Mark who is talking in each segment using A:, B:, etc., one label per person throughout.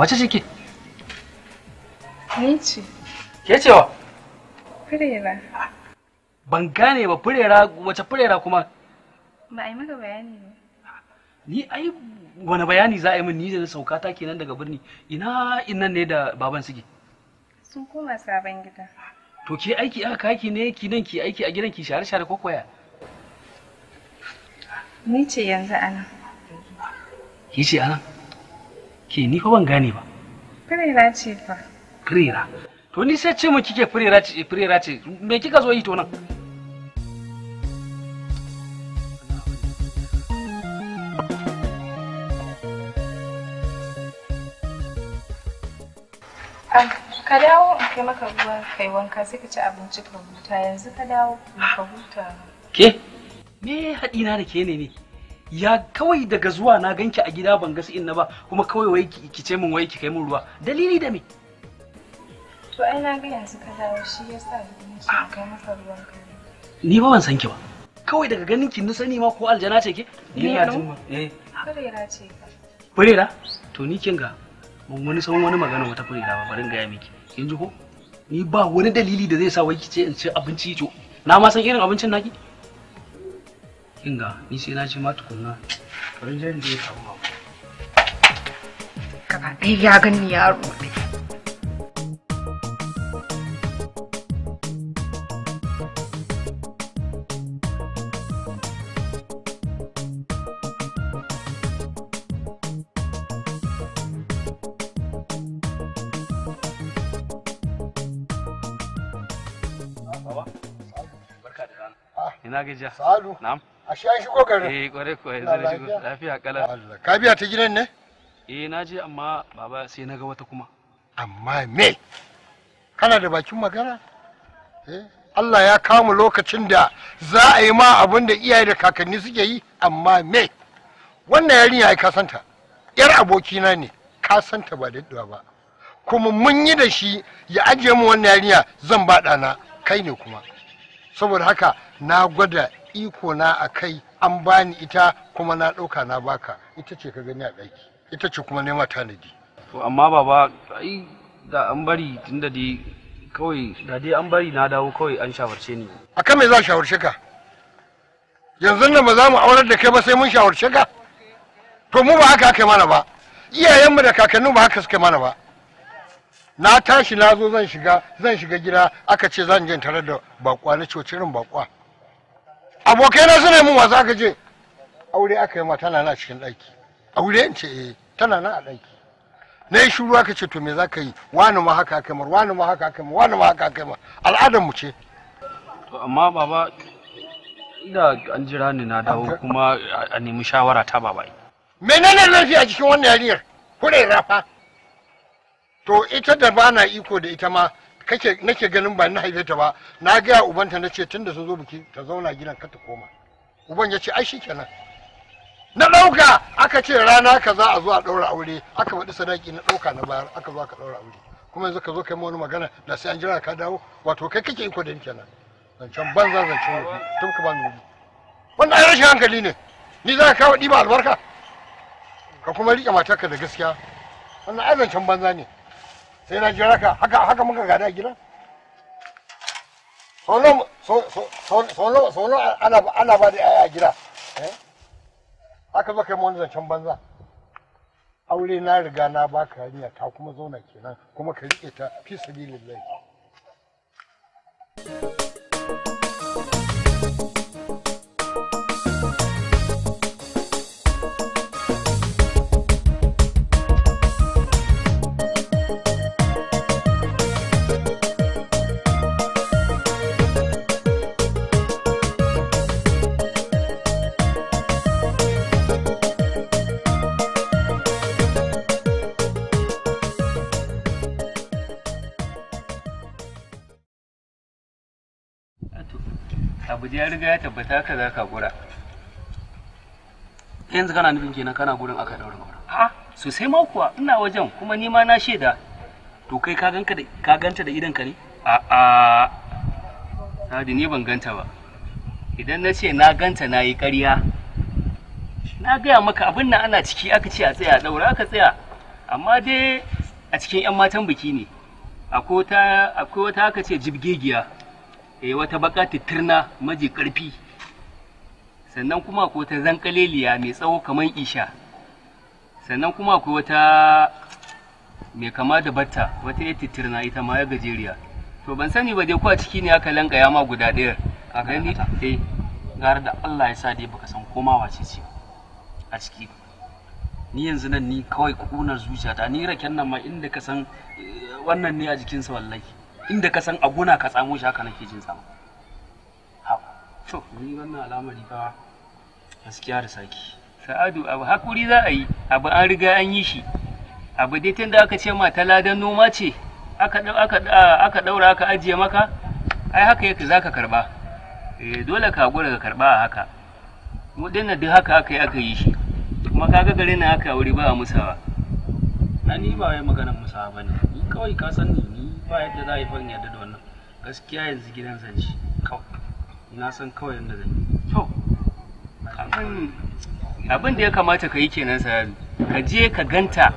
A: wace ce ke ni ce ke ce wa furera ban gane ba furera wace furera kuma
B: ba a yi maka bayani ne.
A: ni ai wani bayani za a yi min ni da sauka ta kenan daga birni ina innan ne da baban suke
B: sun koma sabon gida
A: to ke aiki aka kaki ne ki nan ki aiki a gidan ki share share ko koya
B: ni ce yanzu anan
A: ki ce anan ke ni fa ban gane ba
B: Firira ce fa Firira? to ni
A: sai ce mu kike firira ce eh, firera ce me kika zo yi to nan
B: ah, ka dawo in kai maka ruwa kai wanka sai ka ci abinci ka huta yanzu ka dawo ka huta
A: ke me haɗina da ke ne ne ya kawai daga zuwa na ganki a gida ban gasi inna ba kuma kawai wai ki ce min wai ki kai min ruwa dalili da me
B: to ai na ga yanzu ka dawo shi yasa ni shi kai masa ruwa ka
A: ni ba ban san ki ba kawai daga ganin ki ni sani ma ko aljana ce ke ni ya jin ma eh
B: furera ce ka
A: furera to ni kin ga mun wani san wani magana wata furera ba bari ga ya miki kin ji ko ni ba wani dalili da zai sa wai ki ce in ci abinci to na ma san irin abincin naki inga ni sai na ci ma tukunna bari zan je ka ba
B: gaba ɗaya ya gani yaro ah,
A: Salu. Na'am. a
C: shi eh, an shigo garin eh kwarai kwarai zan shigo
A: lafiya kala ka
C: biya ta gidan ne eh na je amma baba sai na ga wata kuma amma me kana da bakin magana eh Allah ya kama lokacin da za a yi ma abin da iyaye da kakanni suke yi amma me wannan yarinya ai kasanta yar abokina ne kasanta ba daddawa ba kuma mun yi da shi ya ajiye mu wannan yarinya zan ba ɗana kai ne kuma saboda haka na gwada iko na a kai an bani ita kuma na ɗauka na baka ita ce ka gani a ɗaki ita ce kuma nema tanadi
A: to amma baba ai da an bari tunda dai kawai da dai an bari na dawo kawai an shawarce ni A
C: kan me za a shawarce ka yanzu nan ba za mu aurar da kai ba sai mun shawarce ka to mu ba haka kai mana ba iyayenmu da kakanninmu ba haka suka mana ba na tashi na zo zan shiga zan shiga gida aka ce zan je tare da bakwa na cocirin bakwa abokaina suna mun wasa ka ce aure aka yi ma tana na cikin ɗaki aure in ce eh tana na a ɗaki na yi shuru aka ce to me za ka yi wani ma haka aka mar wani ma haka aka mar wani ma haka kai mar al'adar mu ce to amma baba da
A: an jira ni na dawo kuma a nemi shawara ta baba
C: menene laifi a cikin wannan yariyar kure rafa to ita da bana iko da ita ma kake nake ganin ba na haife ta ba na gaya ubanta na ce tunda sun zo biki ta zauna gidan ka ta koma uban ya ce ai shikenan na ɗauka aka ce rana kaza a zo a ɗaura aure aka faɗi sadaki na ɗauka na bayar aka zo aka ɗaura aure kuma yanzu ka zo kai wani magana da sai an jira ka dawo wato kai kake iko da kenan zancen banza zancen wofi tun ka ba mu wani wanda ai rashin hankali ne ni za ka kawo ɗiba albarka ka kuma riƙe matarka da gaskiya wannan ai zancen banza ne sai na jira ka haka haka muka gada a gidan sono sono ana ana ba da yaya gida eh? haka zo kai mu zancen banza aure na riga na baka hanya ta kuma zauna kenan kuma ka rike ta fi sabilillahi
A: ya riga ya tabbata ka za ka gura yanzu kana nufin kenan kana gurin aka daura gura so sosai ma kuwa ina wajen kuma ni ma na shaida to kai ka ganka da ka ganta da idan ka ne a a Sadi ni ban ganta ba idan na ce na ganta na yi ƙarya na gaya maka abin nan ana ciki aka ce a tsaya daura aka tsaya amma dai a cikin 'yan matan biki ne akwai wata aka ce jibgegiya eh wata baka titirna maji ƙarfi. sannan kuma ko ta zankaleliya mai tsawo kamar isha sannan kuma akwai wata mai kama da batta wata ya titirna ita ma ya gajeriya to ban sani ba dai ko a ciki ne aka lanka ya ma guda ɗayar a gani eh gara da Allah ya sa dai baka san koma wace ce a ciki ni yanzu nan ni kawai kunar zuciyata ni raken nan ma inda ka san eh, wannan ne a jikinsa wallahi inda ka san abuna ka tsamo shi haka nake jin tsamo to ni wannan al'amari fa gaskiya da saki sa'adu abu hakuri za a yi abu an riga an yi shi abu dai tun da aka ce ma ta ladan noma ce aka ɗaura aka ajiye maka ai haka yake za ka karɓa eh, dole ka gura ka karɓa a haka mu dinna duk haka aka yi aka yi shi kuma ka ga gare na haka wuri ba a musawa na ni ba wai maganar musawa bane ni kawai ka san ni ba yadda za a yi farin yadda da wannan gaskiya yanzu gidan zan ci kawai na san kawai yadda zan yi to abin da ya kamata ka yi kenan sa ka je ka ganta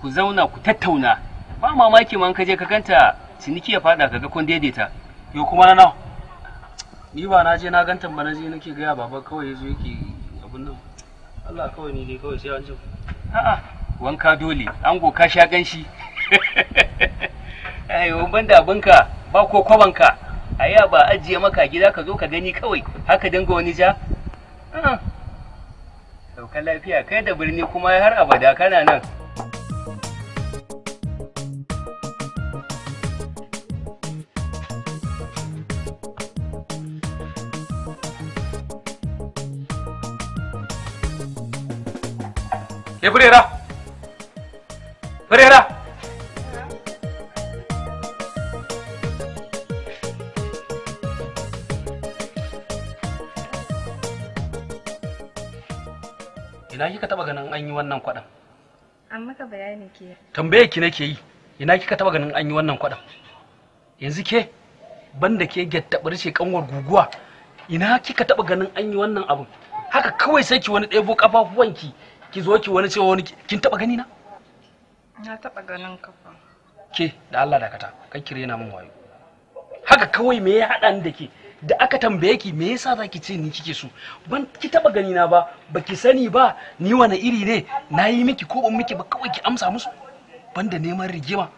A: ku zauna ku tattauna ba mamaki ma ka je ka ganta ciniki ya fada ga kun daidaita yo kuma na nawa ni ba na je na ganta ba na je nake gaya baba kawai yanzu yake abin nan Allah kawai ni ne kawai sai an ji a'a wanka dole ango ka sha ganshi ayo ban da abinka ba ko kwabanka a ya ba ajiye maka gida ka zo ka gani kawai haka dinga wani ja ah. sauka lafiya kai da birni kuma har abada kana nan Ya furera? Furera? an yi wannan kwaɗan?
B: An maka bayani ke.
A: Tambaye ki nake yi, ina kika taba ganin an yi wannan kwaɗan? Yanzu ke, banda ke gyattaɓar ce kanwar guguwa, ina kika taba ganin an yi wannan abun? Haka kawai sai ki wani ɗebo ƙafafuwanki, ki zo ki wani cewa wani kin taba gani na?
B: Na taba ganin kafa.
A: Ke, da Allah dakata, kan kire na min wayo. Haka kawai me ya haɗa ni da ke? da aka tambaye ki me yasa zaki ce ni kike so ban ki taba gani na ba baki sani ba ni wani iri ne nayi miki ko ban miki ba kawai ki amsa musu banda neman rigima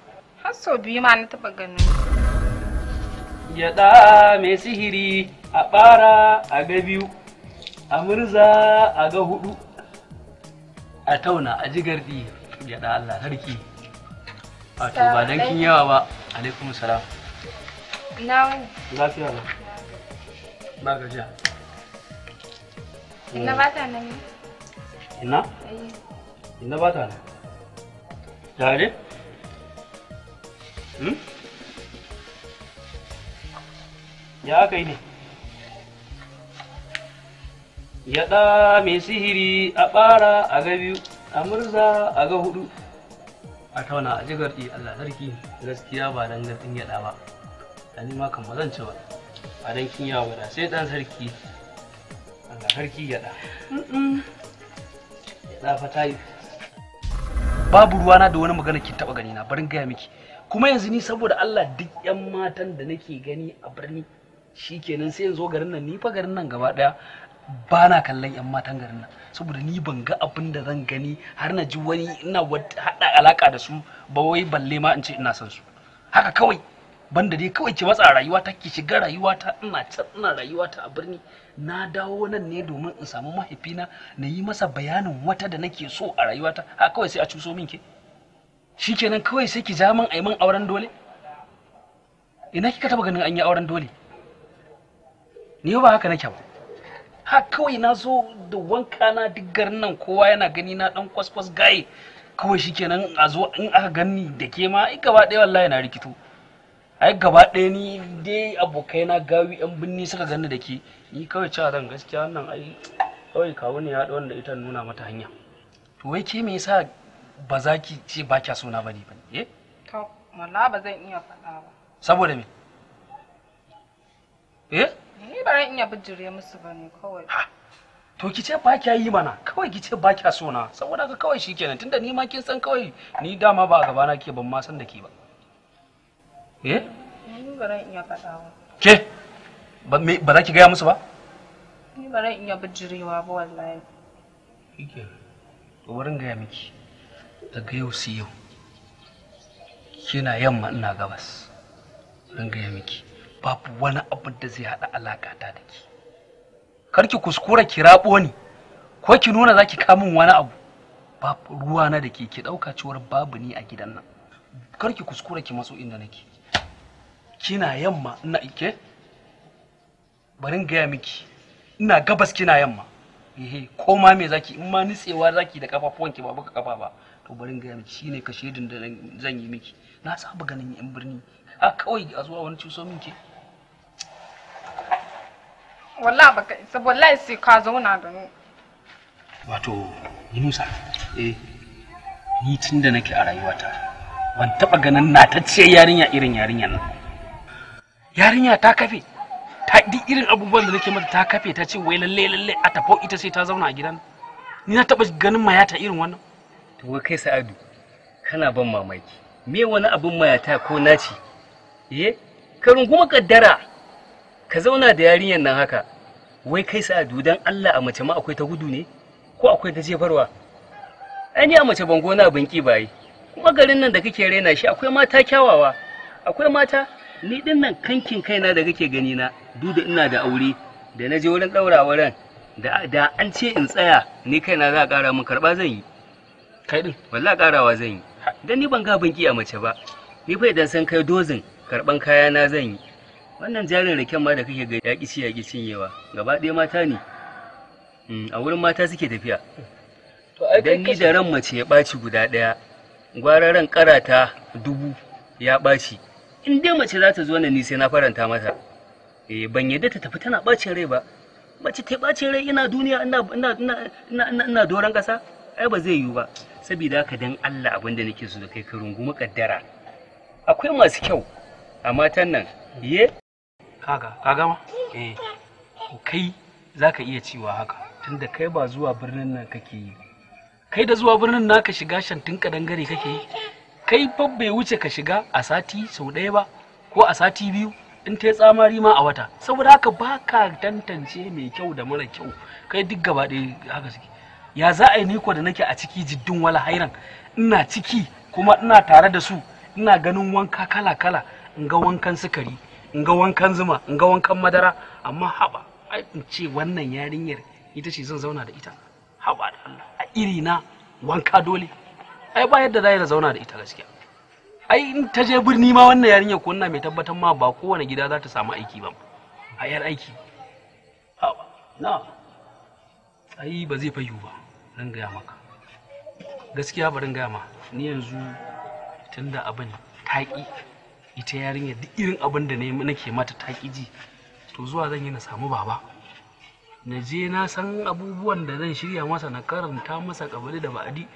B: har so biyu ma na taba gani
A: ya da mai sihiri a bara a ga biyu a murza a ga hudu a tauna a ji gardi ya da Allah sarki wato ba dan kin yawa ba alaikum salam na lafiya ba
B: ina ba ta nan
A: ina eh. ina ba ta nan tare hmm? ya aka yi ne ya ɗa mai sihiri a ɓara a ga biyu a murza a ga hudu a tauna a jigar Allah sarki gaskiya ba dangar ɗin ya ɗa ba, ɗani ma kan ba zan ci ba. A dan kin na sai dan sarki Allah sarki ya da ya da fa tayi babu na da wani magana ki taba gani na barin gaya miki kuma yanzu ni saboda Allah duk yan matan da nake gani a birni shikenan sai yanzu garin nan ni fa garin nan gaba daya bana kallon 'yan matan garin nan saboda ni ban ga abin da zan gani har na ji wani ina hada alaka da su ba wai balle ma in ce ina son su haka kawai banda dai kawai ki matsa rayuwa ta ki shiga rayuwa ta ina can ina rayuwa ta a birni na dawo nan ne domin in samu mahaifina na yi masa bayanin wata da nake so a rayuwa ta ha kawai sai a cuso min ke shikenan kawai sai ki ja ai min auren dole ina kika taba ganin an yi auren dole ni ba haka nake ba ha kawai na zo da wanka na duk garin nan kowa yana gani na dan kwaskwas gaye kawai shikenan a zo in aka gani da ke ma ai gaba ɗaya wallahi na rikito ai gaba ɗaya ni dai abokai na gawi yan binni suka gani da ke ni kawai cewa zan gaskiya wannan ai kawai kawo ne ya wanda ita nuna mata hanya to wai ke me yasa ba za ki ce ba kya suna bane bane eh
B: to wallahi ba zan iya faɗa ba
A: saboda me eh
B: ni ba zan iya bijire musu ne kawai
A: to ki ce ba kya yi mana kawai ki ce ba kya sona saboda ka kawai shikenan tunda ni ma kin san kawai ni dama ba a na ke ban ma san da ke ba eh ke ba za ki gaya musu ba
B: ni ba ran iya bijirewa ba wallahi
A: kike to gaya miki daga yau su yau kina yamma ina gabas bari gaya miki babu wani abu da zai haɗa alaƙa ta da ki kar ki kuskura ki rabo ni ko ki nuna za ki kamun wani abu babu ruwa na da ke ki ɗauka cewar babu ni a gidan nan kar ki kuskura ki matso inda nake kina yamma ina ike bari in gaya miki ina gabas kina yamma ehe ko ma me zaki in ma nitsewa zaki da kafafuwan ki ba buka kafa ba to bari in gaya miki shine kashe din da zan yi miki na saba ganin yan birni a kawai a zuwa wani cuso min ke
B: wallahi baka isa wallahi sai ka zauna da ni
A: wato Yunusa eh ni tunda nake a rayuwata ban taba ganin ce yarinya irin yarinyar nan yarinya ta kafe ta duk irin abubuwan da nake mata ta kafe ta ce wai lalle lalle a tafo ita sai ta zauna a gidan ni na taba ganin mayata irin wannan to wai kai sa'adu kana ban mamaki me wani abun mayata ko naci eh ka runguma kaddara ka zauna da yarinyar nan haka wai kai sa'adu dan Allah a mace ma akwai ta gudu ne ko akwai ta jefarwa ai a mace ban gona banki kibaye kuma garin nan da kake raina shi akwai mata kyawawa akwai mata ni din nan kankin kaina da kake gani na duk da ina da aure da na je wurin ɗaura wurin da da an ce in tsaya ni kaina za a ƙara min karɓa zan yi kai din wallahi ƙarawa zan yi dan ni ban ga banki a mace ba ni fa idan san kai dozin karban kaya na zan yi wannan jarin raken ma da kake ga ya ƙici ya cinyewa gaba ɗaya mata ne mm, a wurin mata suke tafiya dan ni da ran mace ya ɓaci guda ɗaya gwararan ƙarata karata dubu ya ɓaci in dai mace za ta zo nan ni sai na faranta mata eh ban yadda ta tafi tana bacin rai ba mace ta bacin rai ina duniya ina ina ina ina doran kasa ai ba zai yiwu ba saboda haka dan Allah abin da nake so da kai ka rungumi kaddara akwai masu kyau a matan nan ye kaga kaga ma eh kai zaka iya cewa haka tunda kai ba zuwa birnin nan kake yi kai da zuwa birnin naka shiga shantin kadangare kake yi kai fa bai wuce ka shiga a sati sau ɗaya ba ko a sati biyu in ta yi tsamari ma a wata saboda haka ba ka tantance mai kyau da mara kyau kai duk gaba ɗaya haka suke ya za a yi niko da nake a ciki jiddin wala hairan ina ciki kuma ina tare da su ina ganin wanka kala kala in ga wankan sukari in ga wankan zuma in ga wankan madara amma haba in ce wannan yarinyar ita ce zan zauna da ita haba da Allah a iri na wanka dole ai ba yadda za na zauna da ita gaskiya ai in ta je birni ma wannan yarinya ko wannan mai tabbatar ma ba kowane gida za ta samu aiki ba a yar aiki na ai ba zai fayu ba ran gaya maka gaskiya ba ran gaya ma ni yanzu tunda abin taƙi ita yarinya duk irin abin da nake mata taƙi ji to zuwa zan yi na samu baba na je na san abubuwan da zan shirya masa na karanta masa kabali da ba'adi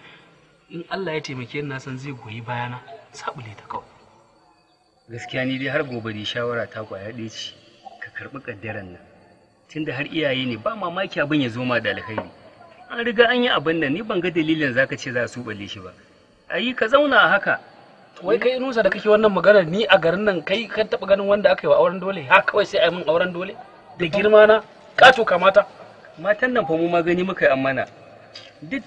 A: in Allah ya taimake ni na san zai goyi bayana sabule ta kawai gaskiya ni dai har gobe ne shawara ta a ɗaya ce ka karɓi kaddaran nan tunda har iyaye ne ba mamaki abin ya zo ma da alkhairi an riga an yi abin nan ni ban ga dalilin zaka ce za su balle shi ba ayi ka zauna haka wai kai nusa da kake wannan magana ni a garin nan kai kan taɓa ganin wanda aka yi wa auren dole ha kawai sai a yi min auren dole da girma na kato kamata matan nan fa mu ma gani muka yi amana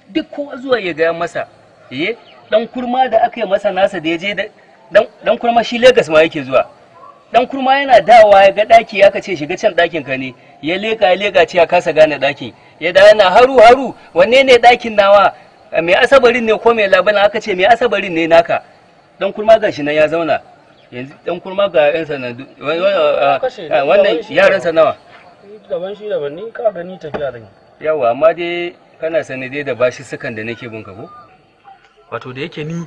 A: duk kowa zuwa ya gaya masa ye eh, dan kurma da aka yi masa nasa da ya je dan kurma shi Legas ma yake zuwa dan kurma yana dawa ya ga daki ya kace shiga can dakin ka ne ya leka ya leka ce ya kasa gane dakin ya da yana haru haru wanne ne dakin nawa mai asabarin ne ko mai labana aka ce mai asabarin ne naka dan kurma gashi nan ya zauna yanzu dan kurma ga yan sanadu wannan yaran sa nawa gaban shi daban ni ka gani tafiya da ni. yawa amma dai kana sanade dai da bashi sukan da nake bin ka ko wato da yake ni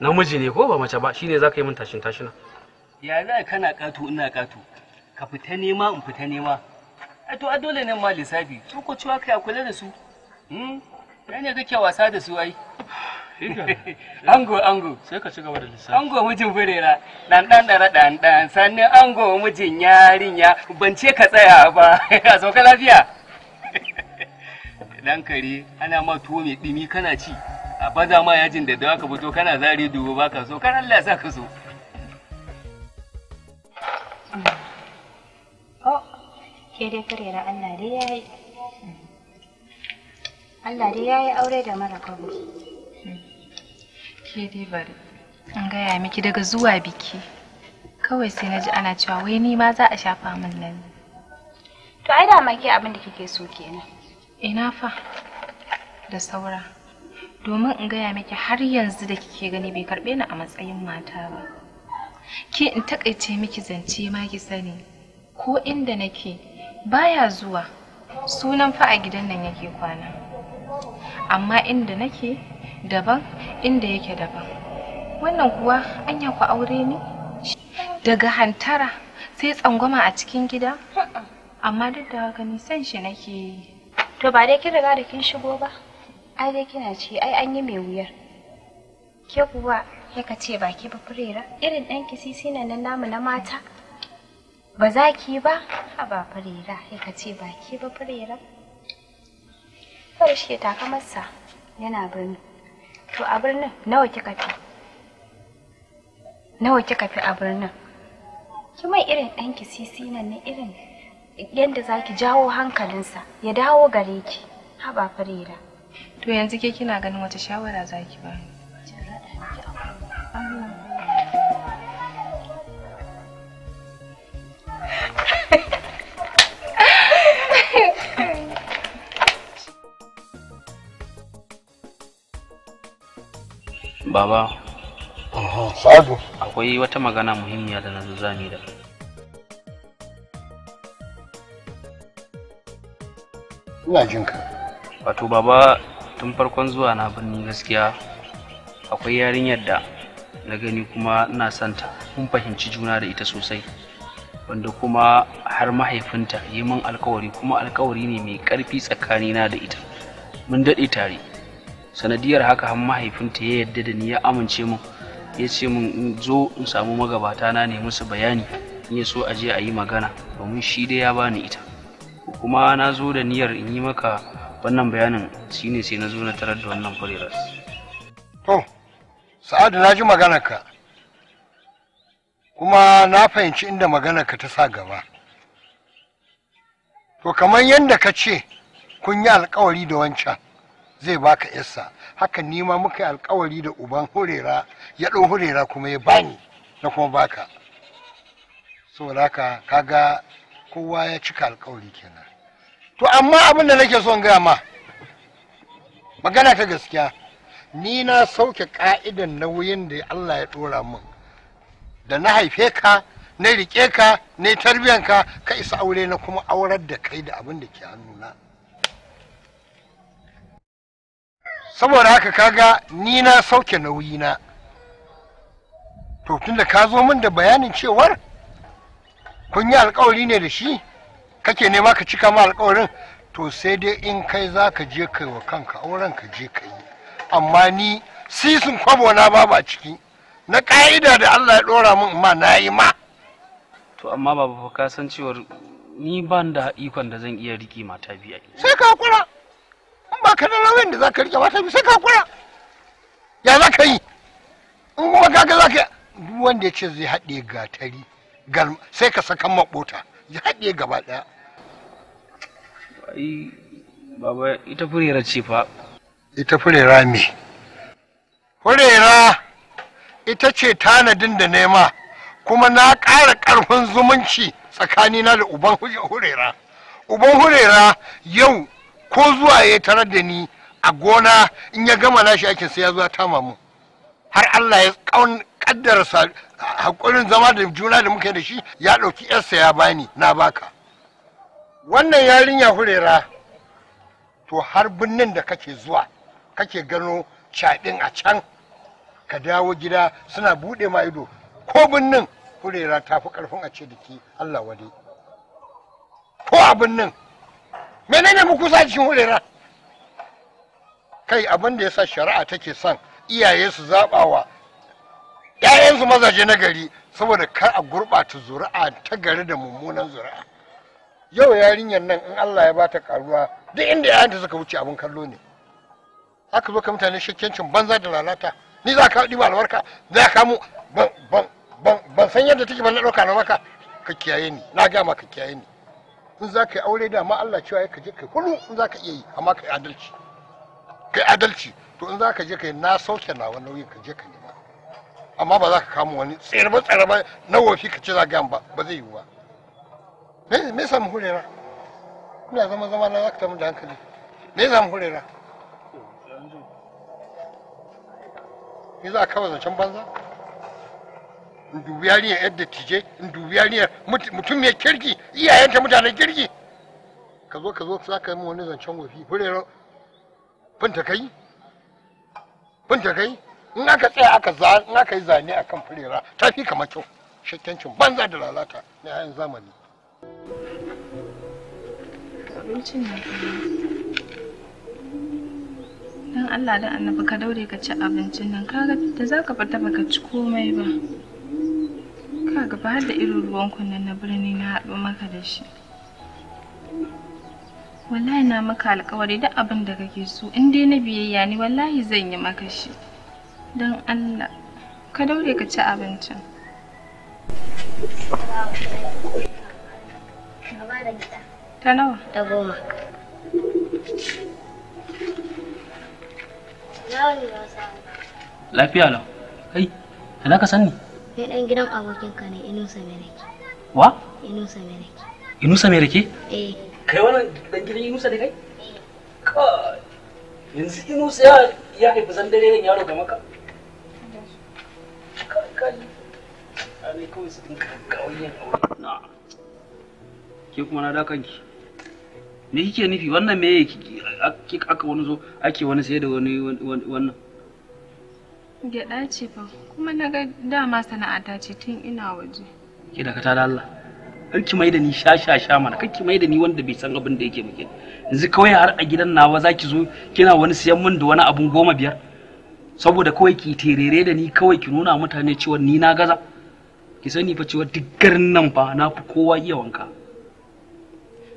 A: namiji ne ko ba mace ba shine za ka yi min tashin tashina ya za kana ƙato ina ƙato ka fita nema in fita nema a to adole dole ne ma lissafi su ko cewa kai a kula da su ya hmm? ne kake wasa da su ai ango ango sai ka ci gaba da lissafi ango mijin burera dan dan dara dan dan sannan ango mijin yarinya ban ce ka tsaya ba a sauka lafiya dan kare ana ma tuwo mai dimi kana ci a baza ma yajin da dawa ka fito kana zari dubu ba ka so kan Allah ya sa ka so
B: oh ke dai karera Allah dai yayi Allah dai yayi aure da mara kawo ke dai bari an gaya miki daga zuwa biki kawai sai na ji ana cewa wai ni ma za a shafa min lalle to ai da ma ke abin da kike so kenan ina fa da saura domin in gaya miki har yanzu da kike gani bai karɓe ni a matsayin mata ba ke in takaice miki zance ma ki sani ko inda nake baya zuwa sunan fa a gidan nan yake kwana amma inda nake daban inda yake daban wannan kuwa anya ku aure ne daga hantara sai tsangwama a cikin gida amma duk da haka ni san shi nake to ba dai kin riga da kin shigo ba ai dai kina ce ai an yi mai wuyar ke kuwa ya ka ce baki ba furera irin ɗan sisi na nan namu na mata ba za ki ba ha ba furera ya ka ce baki ba furera kawai shi ta yana birni to a birnin nawa kika fi nawa kika fi a birnin kuma irin ɗan kisisi nan na irin yadda za ki jawo hankalinsa ya dawo gare ki haba furera To yanzu ke kina ganin wata shawara za ki ba
A: Baba, Sabu. Akwai wata magana muhimmiya da na zo da. Ina jinka. Wato baba tun farkon zuwa na birni gaskiya akwai yarinyar da na gani kuma na santa mun fahimci juna da ita sosai wanda kuma har mahaifinta yi min alkawari kuma alkawari ne mai ƙarfi tsakanina da ita mun daɗe tare sanadiyar haka har mahaifinta ya yadda da ni ya amince min ya ce min zo in samu magabata na ne musu bayani in ya so aje a yi magana domin shi dai ya bani ita kuma na zo da niyyar in yi maka wannan bayanin shine sai na zo na tarar da wannan kurerar
C: to sa'adu na ji maganarka kuma na fahimci inda maganarka ta sa gaba to kamar yadda ka ce kun yi alkawari da wancan zai baka yassa haka nima muka yi alkawari da uban hurera ya ɗau hurera kuma ya bani na kuma baka saboda haka kaga kowa ya cika alkawari kenan to amma abin da nake son gaya ma magana ta gaskiya ni na sauke ka'idan nauyin da Allah ya dora min da na haife ka na rike ka na tarbiyan ka ka isa aure na kuma aurar da kai da abin da ke hannuna saboda haka kaga ni na sauke nauyi na, to tunda ka zo min da bayanin cewar kun yi alkawari ne da shi kake nema ka cika ma alkawarin to sai dai in kai za ka je kai wa kanka auren ka je ka yi amma ni sisin kwabo na ba ba ciki na ka'ida da Allah ya dora min ma na yi ma
A: to amma babu ka san cewar ni ban da ikon da zan iya riki mata biya sai ka kura
C: in ba ka da rawan da za ka riƙe mata biya sai ka kura ya za ka yi in kuma kaga za ka duk wanda ya ce zai haɗe gatari sai ka saka maƙota ya haɗe gaba ɗaya baba ita furera ce fa ita furera me furera ita ce tanadin da nema kuma na ƙara ƙarfin zumunci tsakanina da uban hurera uban hurera yau ko zuwa ya tarar da ni a gona in ya gama nashi aikin sai ya zo tama mu har Allah ya kaddara hakurin zama da juna da muke da shi ya ɗauki yarsa ya bani na baka wannan yarinya hurera to har birnin da kake zuwa kake gano caɗin a can ka dawo gida suna buɗe ma ido ko birnin hurera ta fi ƙarfin a ce da ke Allah wade ko a birnin menene muku sa cikin hurera kai abinda da ya sa shari'a take son iyaye su zaɓawa ‘ya'yansu mazaje na gari saboda kar a gurɓata zuri'a ta gari da mummunan zuri'a yau yarinyar nan in Allah ya bata karuwa duk inda yayanta suka wuce abin kallo ne aka zo ka mutane shakkencin banza da lalata ni za ka ɗiba albarka za ka mu ban ban ban ban san yadda take ban na ɗauka na maka ka kiyaye ni na ga maka kiyaye ni in za ka yi aure da ma Allah cewa ka je kai kulu in za ka iya yi amma ka yi adalci kai adalci to in za ka je kai na sauke nawa nauyin ka je ka nema amma ba za ka kama wani tsere ba tsere ba na wofi ka ce za ga ba ba zai yi ba me me samu hurera ina zama zama na zaka tamu da hankali me samu hurera me za ka zancen banza in dubi yariyar yadda tije in dubi yariyar mutum mai kirki iyayenta mutanen kirki ka zo ka zo za ka yi wani zancen wafi hurera binta kai binta kai in aka tsaya aka za in aka yi zane akan furera ta fi kamar kyau shakkencin banza da lalata na yayin zamani abincin nan
B: dan Allah dan annabi ka daure ka ci abincin nan kaga da zaka fita baka ci komai ba kaga ba da irin ruwan kunnen na birni na haɗu maka da shi wallahi na maka alƙawari duk abin da kake so in dai na biyayya ne wallahi zan yi maka shi don allah ka daure ka ci abincin Baba da gida. ta nawa ta goma
A: lafiya lau kai ka san ni
B: ni ɗan gidan abokinka ne inusa mereke
A: wa inusa mereke inusa mereke eh kai wannan ɗan gidan inusa ne kai kai yanzu inusa ya ya haifi san ne yaro ga maka kai kai ne kawai su dinka kawai yin aure na ke kuma na da kanki me kike nufi wannan me aka wani zo ake wani sai da wani wannan
B: gyaɗa ce fa kuma na ga dama sana'ata ce tun ina waje
A: ke da kata da Allah har ki mai da ni sha sha sha mana kar ki mai da ni wanda bai san abin da yake muke yanzu kawai har a gidan nawa zaki zo kina wani siyan mun da wani abun goma biyar saboda kawai ki terere da ni kawai ki nuna mutane cewa ni na gaza ki sani fa cewa duk garin nan fa na fi kowa iya wanka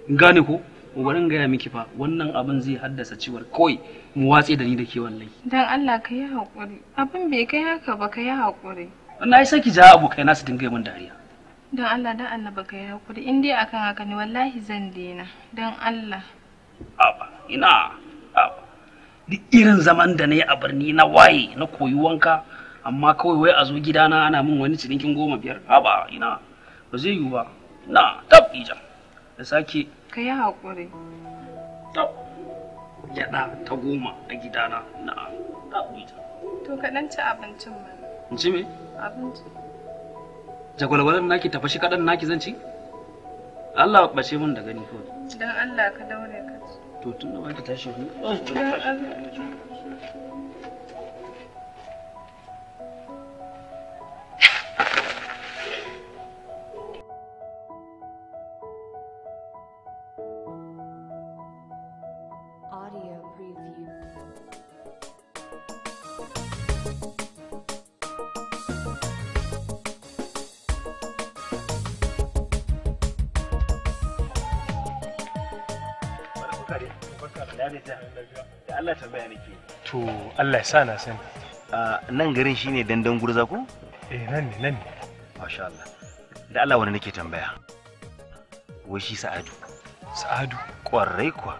A: gane ko ubarin gaya miki fa wannan abin zai haddasa ciwar kawai mu watse da ni da ke wallahi
B: dan Allah ka yi hakuri abin bai kai haka ba ka yi hakuri
A: na yi saki ja abokai na su dinga min dariya
B: dan Allah dan Allah baka yi hakuri in dai akan haka ne wallahi zan daina dan Allah
A: aba ina aba duk irin zaman da na yi a birni na waye na koyi wanka amma kawai wai a zo gidana ana min wani cinikin goma biyar aba ina ba zai yiwu ba na tab ija da sake ka yi haƙuri gyaɗa ta goma a gidana na
B: abuja to kaɗan ci abincin ma. in ci me abinci
A: jagwalgwalan naki tafa shi kaɗan naki zan ci Allah ɓace mun da gani kawai
B: don Allah ka daure ka ci
A: to tun da ba ki tashi ku
B: don Allah
A: Allah tambaya nake to Allah ya sa na sani nan garin shine dandan gurza ko
C: eh nan ne nan ne masha Allah
A: da Allah wani nake tambaya wai shi Sa'adu Sa'adu kwarai kuwa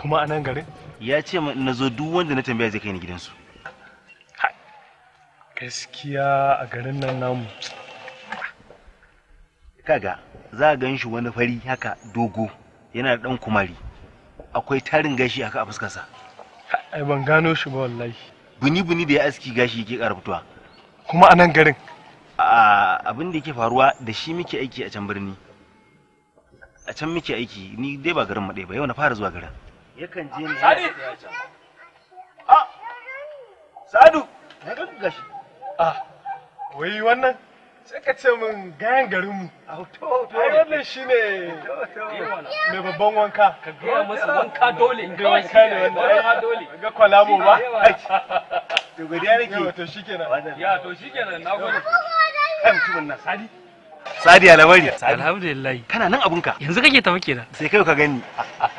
A: kuma a nan garin ya ce min na zo duk wanda na tambaya zai kai ni gidansu
C: gaskiya a garin nan namu
A: kaga za a gan shi wani fari haka dogo yana da dan kumari akwai tarin gashi haka a fuskarsa
C: ai ban gano shi ba wallahi
A: buni buni da ya aski gashi yake ƙara fitowa kuma a nan garin abin da yake faruwa da shi muke aiki a can birni a can muke aiki ni dai ba garin maɗai ba yau na fara zuwa garin
C: yakan je ne sadi a sadu na gashi ah wai wannan sai ce min gayan garinmu ai wannan shi ne mai babban wanka ka gaya masa wanka dole ga wanka ne wanda dole ga kwalamo ba to godiya
A: nake to shikenan ya to shikenan nagode kan mutumin nan sadi sadi alamari
B: alhamdulillah kana nan abunka yanzu kake tafi kenan sai kai ka gani